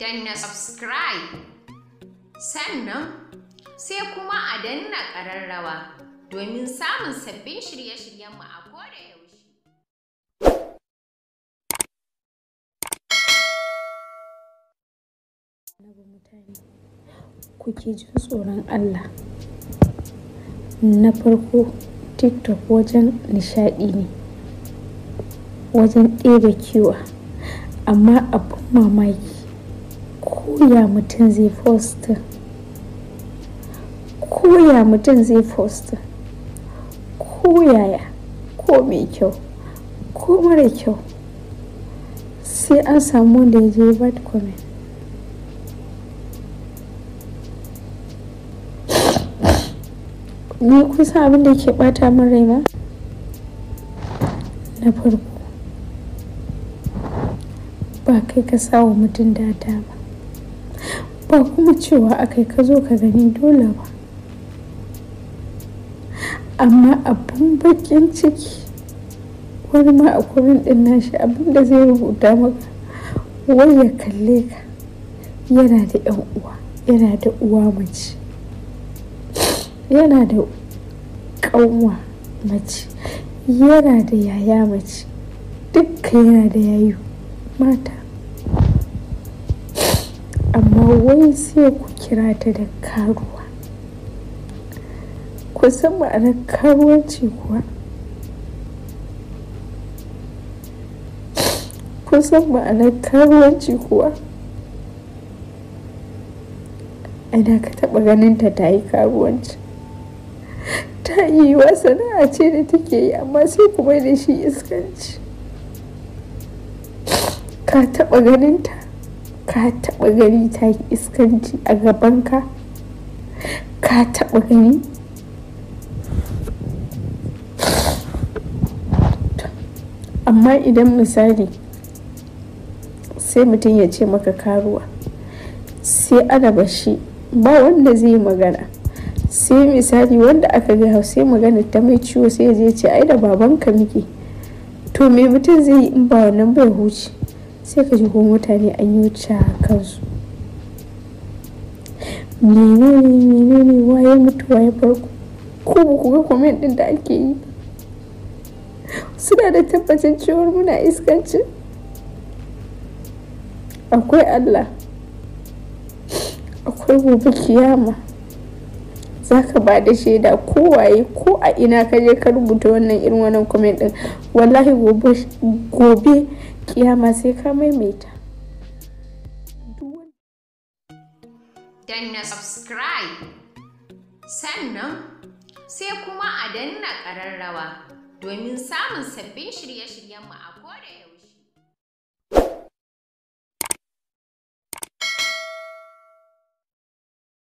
danna subscribe sannan sai kuma a danna ƙararrawa domin samun sabbin shirye-shiryenmu a koda yaushe. Kuke jin tsoron Allah na farko TikTok wajen nishaɗi ne, wajen ɗebe kewa, amma abin mamaki. koya mutum zai fosta koya mutum zai fosta ko yaya ko mai kyau ko mara kyau sai an samu da ya je bad comment ni kusa abin da ke bata min rai ma na farko ba kai ka sawa mutum da ba. ba kuma cewa akai ka zo ka gani dole ba amma abin bakin ciki wani ma a kurin din nashi abin da zai rubuta maka wai ya kalle ka yana da yan uwa yana da uwa mace yana da kanwa mace yana da yaya mace dukka yana da yayu mata amma wai sai ku kira ta da karuwa ku san ma'anar karuwanci kuwa ku san ma'anar karuwanci kuwa ana ka taɓa ganin ta ta yi karuwanci ta yi wa sana'a ce da take yi amma sai kuma da shi iskanci ka taɓa ganin ta ka taɓa gani ta yi iskanci a gabanka ka taɓa gani amma idan misali sai mutum ya ce maka karuwa sai araba shi ba wanda zai yi magana sai misali wanda aka ga sai magana ta mai ciwo sai ya ce ai da babanka muke to me mutum zai yi in ba wannan bai huce sai ka shigo mutane an yi wuce a kansu menene menene waye mutuwa ya farko ko ba ku ga din da ake yi suna da tabbacin cewar muna iskancin akwai allah akwai gobe kiyama za ka ba da shaida ko waye ko a ina ka je ka rubuta wannan irin wannan komen din wallahi gobe kiyama sai ka maimaita danna subscribe sannan sai kuma a danna ƙararrawa domin samun sabbin shirye-shiryenmu a koda yaushe